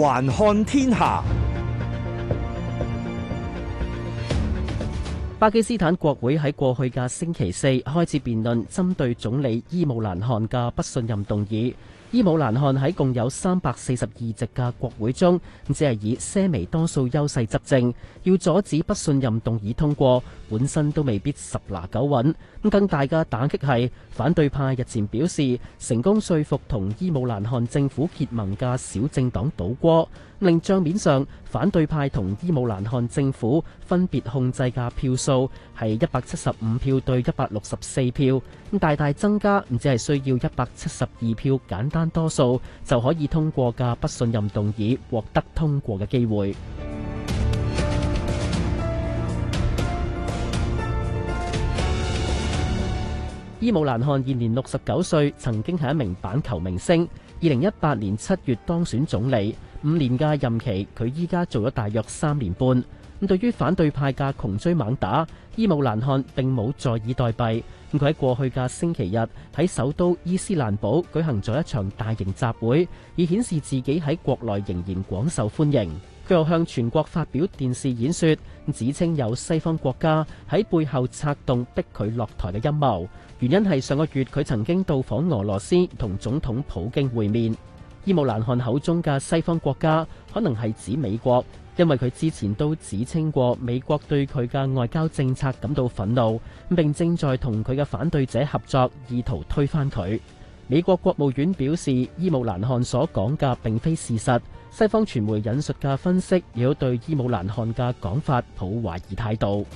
環看天下。巴基斯坦國會喺過去嘅星期四開始辯論，針對總理伊姆蘭汗嘅不信任動議。伊姆蘭汗喺共有三百四十二席嘅國會中，只係以些微多數優勢執政。要阻止不信任動議通過，本身都未必十拿九穩，咁更大嘅打擊係反對派日前表示成功說服同伊姆蘭汗政府結盟嘅小政黨倒戈，令賬面上反對派同伊姆蘭汗政府分別控制嘅票數係一百七十五票對一百六十四票，咁大大增加，唔只係需要一百七十二票簡單單多數就可以通過嘅不信任動議獲得通過嘅機會。伊姆蘭汗現年六十九歲，曾經係一名板球明星，二零一八年七月當選總理。五年嘅任期，佢依家做咗大約三年半。咁對於反對派嘅窮追猛打，伊姆蘭汗並冇坐以待斃，咁佢喺過去嘅星期日喺首都伊斯蘭堡舉行咗一場大型集會，以顯示自己喺國內仍然廣受歡迎。佢又向全國發表電視演說，指稱有西方國家喺背後策動逼佢落台嘅陰謀，原因係上個月佢曾經到訪俄羅斯同總統普京會面。伊姆蘭汗口中嘅西方國家，可能係指美國，因為佢之前都指稱過美國對佢嘅外交政策感到憤怒，並正在同佢嘅反對者合作，意圖推翻佢。美國國務院表示，伊姆蘭汗所講嘅並非事實。西方傳媒引述嘅分析，亦都對伊姆蘭汗嘅講法抱懷疑態度。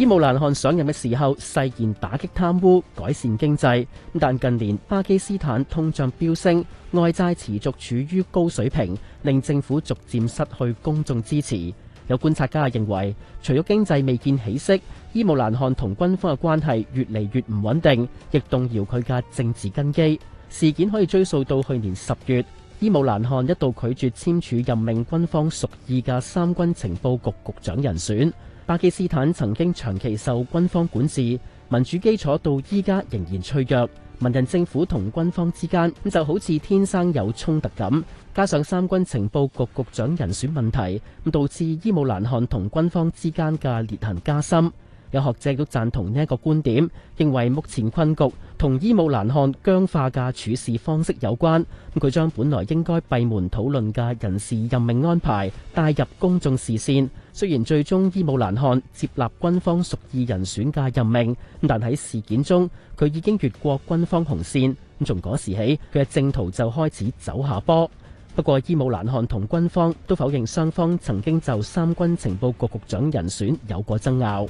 伊姆蘭汗上任嘅時候誓言打擊貪污、改善經濟，但近年巴基斯坦通脹飆升、外債持續處於高水平，令政府逐漸失去公眾支持。有觀察家認為，除咗經濟未見起色，伊姆蘭汗同軍方嘅關係越嚟越唔穩定，亦動搖佢嘅政治根基。事件可以追溯到去年十月，伊姆蘭汗一度拒絕簽署任命軍方屬意嘅三軍情報局局長人選。巴基斯坦曾經長期受軍方管治，民主基礎到依家仍然脆弱，文人政府同軍方之間咁就好似天生有衝突咁，加上三軍情報局局長人選問題，咁導致伊姆蘭汗同軍方之間嘅裂痕加深。有學者都贊同呢一個觀點，認為目前困局同伊姆蘭汗僵化嘅處事方式有關。佢將本來應該閉門討論嘅人事任命安排帶入公眾視線。雖然最終伊姆蘭汗接納軍方屬意人選嘅任命，但喺事件中佢已經越過軍方紅線。從嗰時起，佢嘅政途就開始走下坡。不過，伊姆蘭汗同軍方都否認雙方曾經就三軍情報局局長人選有過爭拗。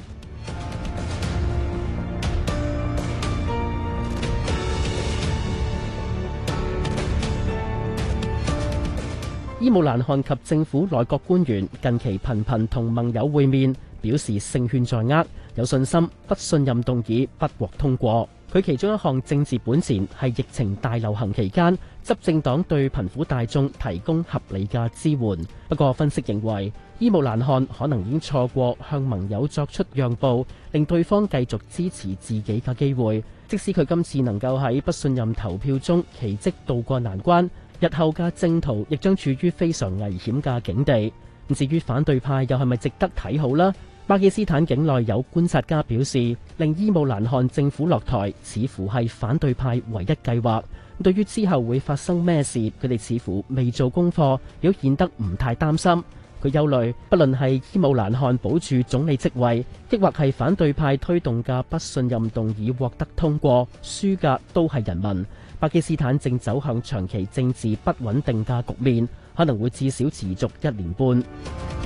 伊姆蘭汗及政府內閣官員近期頻頻同盟友會面，表示勝券在握，有信心不信任動議不獲通過。佢其中一項政治本錢係疫情大流行期間執政黨對貧苦大眾提供合理嘅支援。不過，分析認為伊姆蘭汗可能已經錯過向盟友作出讓步，令對方繼續支持自己嘅機會，即使佢今次能夠喺不信任投票中奇蹟渡過難關，日後嘅政途亦將處於非常危險嘅境地。至於反對派又係咪值得睇好呢？巴基斯坦境內有觀察家表示，令伊姆蘭汗政府落台，似乎係反對派唯一計劃。對於之後會發生咩事，佢哋似乎未做功課，表現得唔太擔心。佢憂慮，不論係伊姆蘭汗保住總理職位，抑或係反對派推動嘅不信任動議獲得通過，輸嘅都係人民。巴基斯坦正走向長期政治不穩定嘅局面，可能會至少持續一年半。